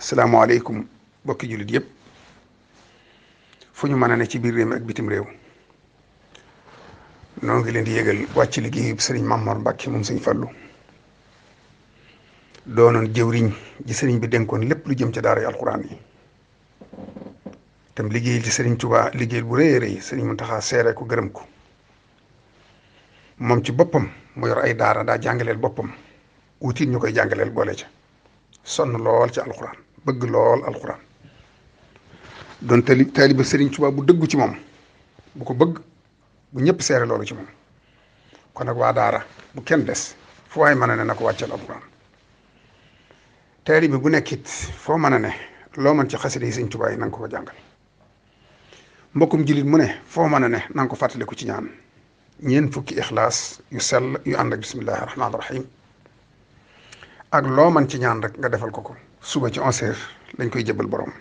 asalaamaaleykum bokki jullit yépp fu ñu mën a ne ci biir réew mi ak bitim réew noo ngi leen di yëgal wàcc liggéeyub sëriñ Mamor Mbàkke moom sëñ Fallu doonoon jëwriñ ji sëriñ bi dénkoon lépp lu jëm ca daara yi alxuraan yi tam liggéeyal ci sëriñ Tuubaa liggéeyal bu rëy a rëy sëriñ taxa seere ko gërëm ko moom ci boppam mu yor ay daara daa jàngaleel boppam wutit ñu koy jàngaleel boole ci sonn lool ci alxuraan bëgg lool alxuraan doon tali taaliba Serigne Touba bu dëggu ci moom bu ko bëgg bu ñëpp seere loolu ci moom ko nag waa daara bu kenn des foo waay mën a ne na ko wàccal alxuraan taaliba bu nekkit foo mën a ne loo mën ci xasida yi Serigne Touba yi na ko ko jàngal mbokkum jullit mu ne foo mën a ne na nga ko fàttaliku ci ñaan ñeent fukki ixlaas yu sell yu ànd ak bismillahi rahmaani ak loo man ci ñaan rek nga defal ko ko suba ci onze heures lañ koy jëbal borom.